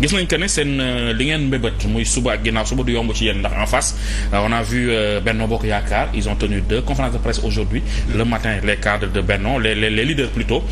gis nañ que seen euh, li ngeen mbébét muy suba ak ginnaaw suba du yomb ci yéen ndax en face euh, on a vu euh, Benno Bokk Yaakaar ils ont tenu deux conférences de presse aujourd'hui le matin les cadres de Benno les les les plutôt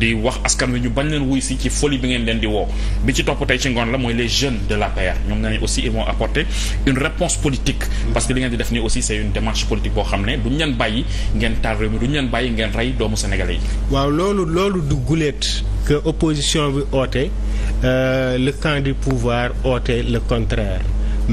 di wax askan wi ñu bañ leen wuy si ci folie bi ngeen leen di woo bi ci topp tey ci ngoon la mooy les jeunes de l'APR ñoom nañ aussi ils vont apporter une réponse politique parce que li ngeen di def nii aussi c'est une démarche politique boo Euh, le camp du pouvoir oote le contraire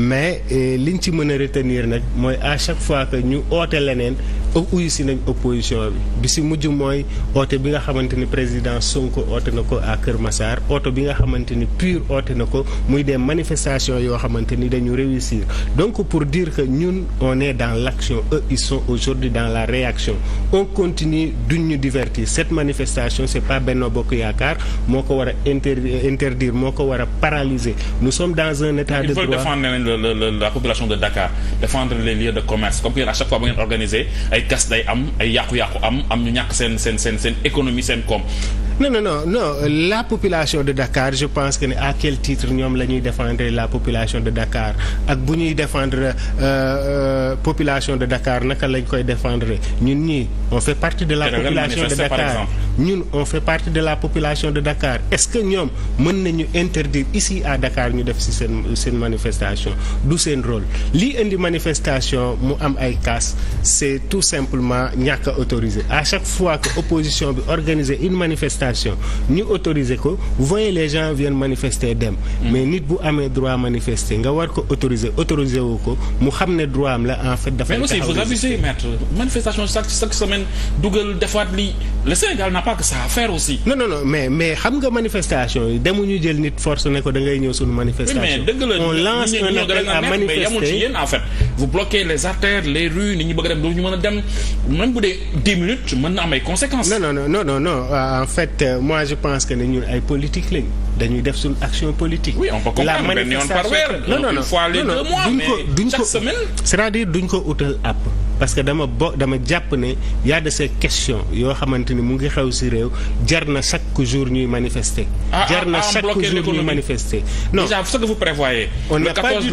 mais li euh, liñ ci mën a retenir nag mooy à chaque fois que ñu oote leneen o si nañ opposition bi bi si mujj mooy oote bi nga xamante ni président Sonko oote na ko à Kër Massar oto bi nga xamante ni PUR oote na ko muy des manifestations yoo xamante ni dañu réussir donc pour dire que ñun on est dans l'action eux ils aujourd'hui dans la réaction on continue duñ ñu divertir cette manifestation c'est pas Benno Bokk Yaakaar moo ko war a interdire moo ko war a paralyser nous sommes dans un état de droit il faut défendre la population de Dakar défendre les lieux ay gas day am ay yàqu-yàqu am am ñu ñàkk seen seen seen seen économie seen koom. non non non non la population de Dakar je pense que ne à quel titre ñoom la ñuy défendre la population de Dakar ak bu ñuy défendre euh, euh, population de Dakar naka lañ koy défendre ñun ñii on fait partie de la population de Dakar ñun on fait partie de la population de Dakar est que ñoom mën nañu interdire ici à Dakar ñu def ci seen seen manifestation du seen role li indi manifestation mu am ay casse c'est tout simplement ñàkk a autorisé à chaque fois que opposition bi organiser une manifestation ñu autoriser ko voyez les gens viennent dem mm. mais nit bu amee droit manifester nga war ko autoriser autoriser woo ko mu xam ne droit am la en fait dafay mais aussi vous abusez maître manifestation chaque chaque semaine dugal defaat pas que ça à faire aussi. non non non mais mais xam nga manifestation yi demuñu jël nit force ne ko da ngay ñëw suñu manifestation. oui mais dëgg la on lance un appel à manifester mais yamul ci yéen en fait. vous bloquez les artères les rues nit ñi bëgg a dem doo ñu mën a dem même bu dee dix minutes mën na am ay conséquences. non non non non non euh, en fait euh, moi je pense que ne ñun ay politique lañ dañuy def suñu action politique. oui on peut comprendre benn yoon par weer. non non non non duñ ko duñ ko c'est-à-dire duñ ko utal àpp. parce que dama bo dama jàpp ne y a question yoo xamante ni mu ngi xew si réew jar na chaque jour ñuy manifeste ah, ah, jar na ah, chaque jour ñuy manifester. non déjà ce que vous prévoyez. on n'a pas du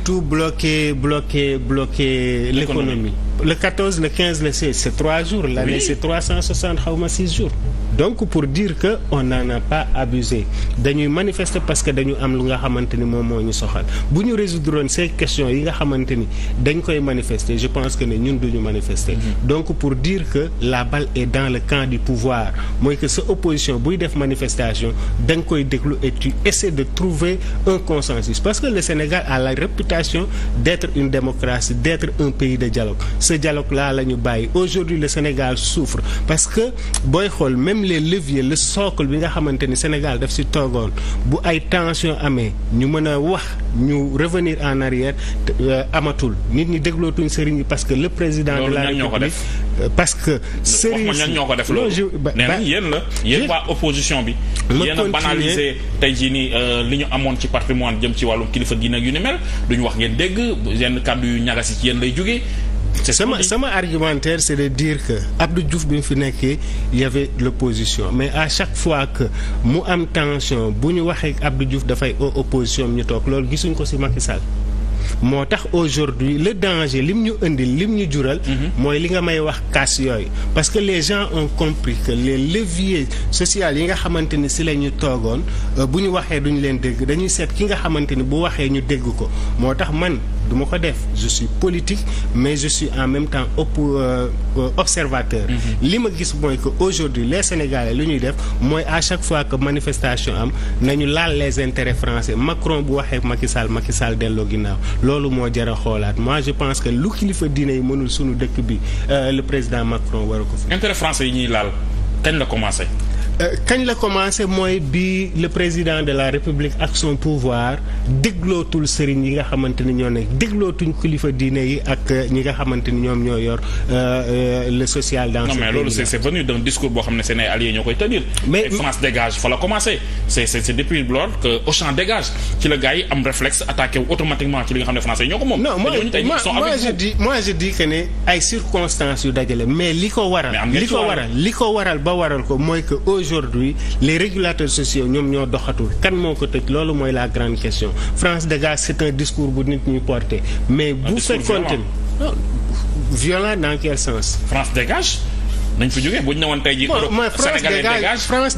tout bloqué on n'a l'économie. le 14 le 15 le 16 c'est trois jours l'année c'est 360 xaw ma six jours. donc pour dire que on n'en a pas abusé dañuy manifester parce que dañu am lu nga xamante ni moom moo ñu soxal bu ñu résoudre woon ces questions yi nga xamante ni dañ koy manifester je pense que ne ñun duñu manifester mm-hmm. donc pour dire que la balle et dans le camp du pouvoir mooy que sa opposition buy def manifestation da koy déglu et tu essaies de trouver un consensus parce que le Sénégal à la réputation d'être une démocratie d'être un pays de dialogue ce dialogue là la ñu bàyyi aujourd'hui le Sénégal souffre que booy même les leviers le socle bi nga xamante ni Sénégal def si toogoon bu ay tension amee ñu mën a wax ñu revenir en arrière euh, amatul nit ñi déglootuñ sëriñ yi parce que le président de la République euh, parce que sëriñ ñan ñoo ko def loolu nee na yéen la yéen waa opposition bi yéen a banalisé tey jii nii euh, li ñu amoon ci patrimoine jëm ci wàllum kilifa diine yu ni mel ñu wax ngeen dégg yenn kàddu yu ñagasi ci yéen lay jógee sama sama argumentaire c'est de dire que Abdou jouf bi mu fi nekkee y avait l'opposition mais à chaque fois que mu am tension bu ñu waxee abdu Diouf dafay au opposition ñu toog loolu gisuñ ko ci Macky Sall moo tax aujourd'hui le danger lim ñu indi lim ñu jural mhm. mooy li nga may wax casse yooyu parce que les gens ont compris que le leviers sociaux yi nga xamante ni si la ñu toogoon euh, bu ñu waxee duñu leen dégg dañuy seet ki nga xamante ni bu waxee ñu dégg ko moo tax man du ma ko def je suis politique mais je en même temps op euh, euh, observateur mhm. li ma gis mooy que aujourd'hui les Sénégalais li ñuy def mooy à chaque fois que manifestation am nañu laal les intérêts français Macron bu waxee Macky Sall Macky Sall delloo ginnaaw loolu moo jar a xoolaat moi je pense que lu kilifa diine yi mënul sunu dëkk bi euh, le président Macron wara ko fi intérêt français yi ñuy laal kañ la commencé Euh, kañ la commencé mooy bi le président de la république ak son pouvoir déglootul sëriñ yi nga xamante ni ñoo nekk déglootuñ kilifa diine yi ak euh, ñi nga xamante ni ñoom ñoo yor euh, le social. dans non mais loolu venu d'un discours boo xam ne seen ay alliés ñoo koy tenir. mais France dégage fa la commencé c'est c'est depuis lors que Auchan dégage ci la gars am réflexe attaqué automatiquement ci li nga xam ne français ñoo ko moom. non moi je dis moi je dis que ne ay circonstances mais li ko waral. li aujourd'hui les régulateurs sociaux ñoom ñoo doxatul kan moo ko tëj loolu mooy la grande question France dégage c'est un discours bu nit ñuy porter mais bu fekkoonte ni violent dans quel sens France dégage nañ fa jógee bu ñu ne woon jii. France dégage France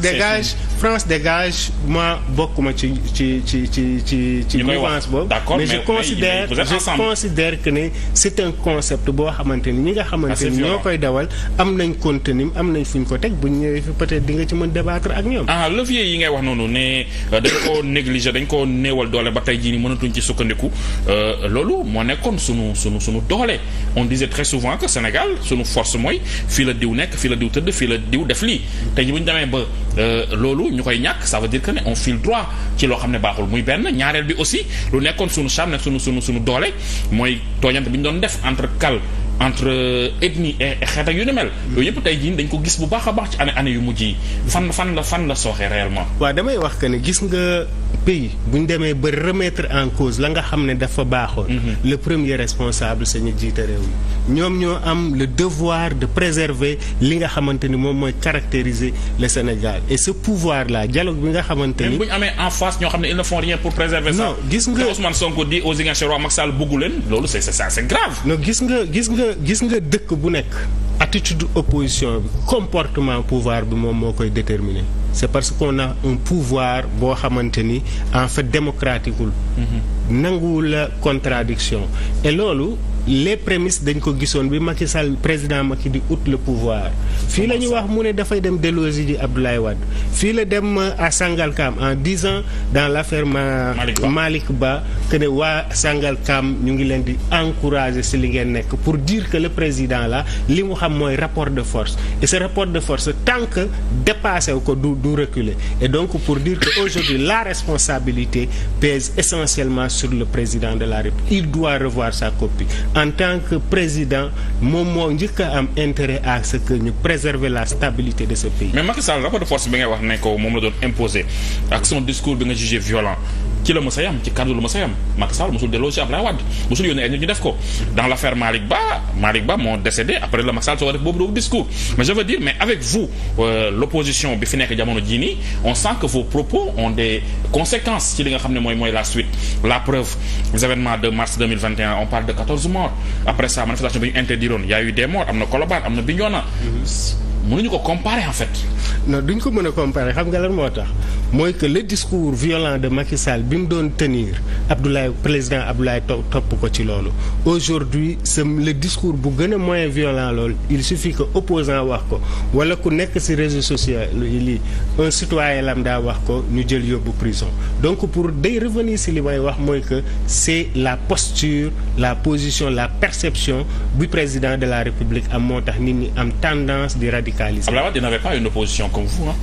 France dégage moi bokkuma ci ci ci ci ci ci mouvance boobu mais je considère je considère que ne c'est un concept boo xamante ni ñi nga xamante ni ñoo koy dawal am nañ contenu am nañ fu ñu ko teg bu ñu ñëwee fi peut-être di nga ci mën débattre ak ñoom ah levier yi ngay wax noonu ne euh, dañ koo négliger dañ koo néewal doole ba tey jii ni mënatuñ ci sukkandiku euh, loolu moo nekkoon sunu sunu sunu doole on disait très souvent que Sénégal sunu force mooy fii la diw nekk fii la diw tëdd fii la diw def lii tey bu ñu euh, loolu ñu koy ñàkk ça veut dire que ne on file droit ci loo xam ne baaxul muy benn ñaareel bi aussi lu nekkoon suñu charme sunu sunu suñu doole mooy tooñante bi ñu doon def entre kal entre ethnie et xeet ak yu ni mel. Mm. yooyu yëpp tey jii dañ ko gis bu baax a baax ci année année yu mujj yi. fan fan la fan la sooxee réellement. waaw damay wax que ne gis nga pays bu ñu demee ba remettre en cause la nga xam ne dafa baaxoon. Mm-hmm. le premier responsable sañu jiite réew mi ñoom ñoo am le devoir de préserver li nga xamante ni moom mooy caractériser le Sénégal et ce pouvoir là dialogue bi nga xamante ni. même bu ñu amee en face ñoo xam ne ils ne font rien pour préserver ça. non gis nga Ousmane Sonko nga gis nga dëkk bu nekk attitude opposition bi comportement pouvoir bi moom moo koy déterminer c'est parce qu'on a un pouvoir boo xamante ni en fait démocratique wul mhm. nangu la contradiction et loolu les prémices dañ ko gisoon bi Macky Sall président Macky di ut le pouvoir fii la ñuy wax mu ne dafay dem delloosi ji Abdoulaye Wade fii la dem euh, à Sangalkam en dix ans dans l'affaire Malick Ba que ne waa Sangalkam ñu ngi leen di encourager ci li ngeen nekk pour dire que le président la li mu xam mooy rapport de force et ce rapport de force tant que dépassé wu ko du du reculer et donc pour dire que aujourd'hui la responsabilité pèse essentiellement sur le président de la République il doit revoir sa copie en tant que président moom moo njëkk am intérêt à ce que ñu préserver la stabilité de ce pays. mais Macky Sall rapport de force bi ngay wax ne ko moom la doon imposer ak son discours bi nga jugé ci la mës a yam ci kaddu la mës a yam Macky Sall mosul délogé Abdoulaye Wade mosul yónnee ay nit def ko dans l'affaire Malick Ba Malick Ba moo décédé après la Macky soo def boobu doobu mais je veux dire mais avec vous euh, l'opposition bi fi nekk jamono jii nii on sent que vos propos ont des conséquences ci li nga xam ne mooy mooy la suite la preuve les événements de mars 2021 on parle de 14 morts après ça manifestation bi ñu interdiroon y a eu des morts am na Colobane am na Bignona mm-hmm. ñu ko comparer en fait. du duñ ko mën a comparer xam nga lan moo tax mooy que le discours violent de Macky bi mu doon tenir Abdoulaye président Abdoulaye topp ko ci loolu. aujourd'hui c'est le discours bu gën a moins violent lool il suffit ko opposant wax ko wala ku nekk ci réseaux sociaux yi lii un citoyen daa wax ko ñu jël yóbbu prison donc pour day revenir ci li may wax mooy que c'est la posture la position la perception bu président de la République am moo tax nit ñi am tendance di radical radicalisé. Abdoulaye Wade n'avait pas une opposition comme vous. Hein?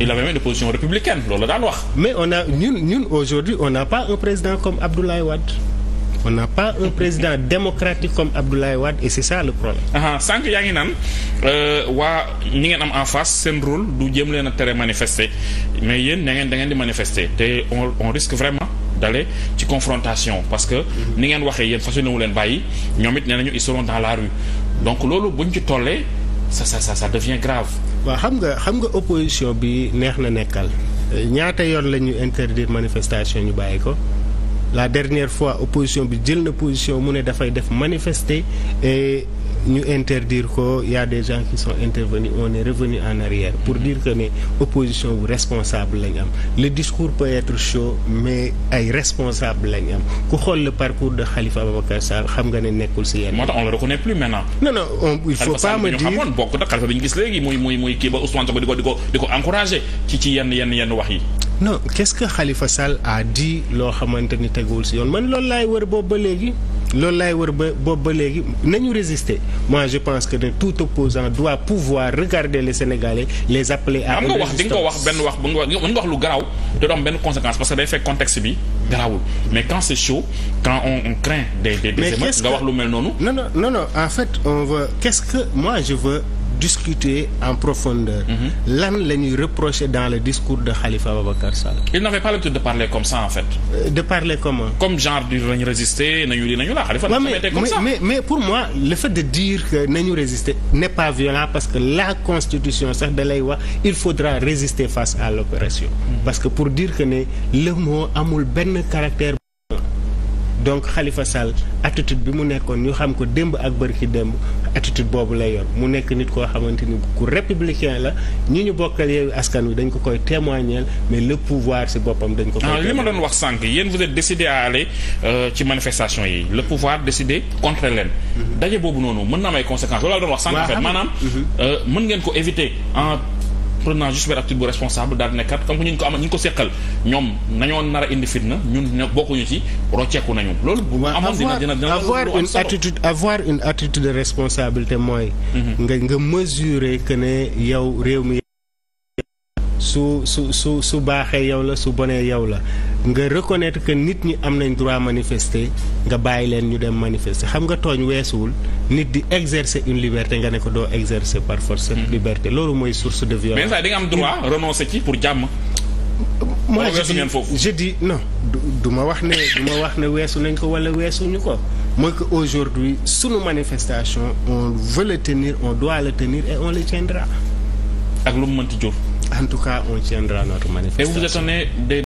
il avait même une opposition républicaine loolu daan wax. mais on a ñun ñun aujourd'hui on n'a pas un président comme Abdoulaye Wade. on n'a pas un président démocratique comme Abdoulaye Wade et c'est ça le problème. sànq yaa ngi naan euh, waa ñi ngeen am en face seen rôle du jëm leen a tere manifester mais yéen na ngeen da ngeen di manifesté te on on risque vraiment d'aller ci confrontation parce que. ni ngeen waxee yéen fas yéene wu leen bàyyi ñoom it nee nañu ils seront dans la rue donc loolu buñ ci tollee. ça ça ça ça devient grave. waa xam nga xam nga opposition bi neex na nekkal. ñaata yoon la ñu interdire manifestation ñu bàyyi ko la dernière fois opposition bi jël na position mu ne dafay def manifester ñu interdire ko y a des gens qui sont intervenus on est revenu en arrière pour mm-hmm. dire que ne opposition bu responsable lañ am le discours peut être chaud mais ay responsable lañ am ku xool le parcours de Khalifa Ababacar Sall xam nga ne nekkul si yenn. moo tax on le reconnaît plus maintenant. non non on, il faut pas me dire di ko di ko di ko ci ci yenn yenn yenn wax yi. non qu'est-ce que Khalifa Sall a dit loo xamante ni teguwul si yoon man loolu laay wër boobu ba léegi. loolu laay wër ba boobu ba léegi nañu résister moi je pense que ne tout opposant doit pouvoir regarder les Sénégalais les appeler à. am nga wax di wax benn wax bu nga wax wax lu garaaw te doo am benn conséquence parce que day fekk contexte bi garaawul mais quand c'est chaud quand on craint des des nga wax lu mel noonu. non non non non en fait on veut qu'est-ce que moi je veux. discuter en profondeur. Mhm. lan la ñuy reprocher dans le discours de Khalifa Babacar Sall. il n'avait pas l'habitude de euh, de parler comment. comme genre du résister nañu lii nañu la Khalifa. dafa mais pour moi le fait de dire que nañu résister n'est pas violent parce que la constitution sax da lay wax il faudra résister face à l'opération. Mhm. parce que pour dire que ne le mot amul benn caractère. donc xalifa Sall attitude bi mu nekkoon ñu xam ko démb ak bërki démb attitude boobu lay yoon mu nekk nit koo xamante ni ku républicain la ñi ñu bokkal yeewu askan wi dañ ko koy témoigner mais le pouvoir si boppam dañ ko koy. li ma doon wax sànq yéen vous êtes décidé à euh, ci manifestation yi le pouvoir décidé contre leen. Mhm. daje boobu noonu mën na am ay conséquences loolu la doon wax sànq. en fait maanaam mhm. euh, mën ngeen ko éviter en. prenant juste par attitude bu responsable daal di nekkat comme que ñu ko am ñu ngi ko seqal ñoom nañoo nar a indi fitna ñun ne bokkuñu ci rocceeku nañu loolu. bu amoon dina dina dina avoir une attitude avoir une attitude de responsabilité mooy. Mhm. nga nga mesurer que ne yow réew mi. su su su su baaxee yow la su bonee yow la nga reconnaître que nit ñi am nañ droit manifester nga bàyyi leen ñu dem manifester xam nga tooñ weesuwul nit di exercer une liberté nga ne ko doo exercer par force cette hmm. liberté loolu mooy source de violence. mais ça di nga am droit hmm. renoncer ci pour jàmm. moi je dis je du ma wax ne du wax ne weesu nañ ko wala weesuñu ko mooy que aujourd'hui sunu manifestation on veut le tenir on doit le tenir et on le tiendra. ak lu mu mënti jur. en tout cas on tiendra notre manifestation. Et vous attendez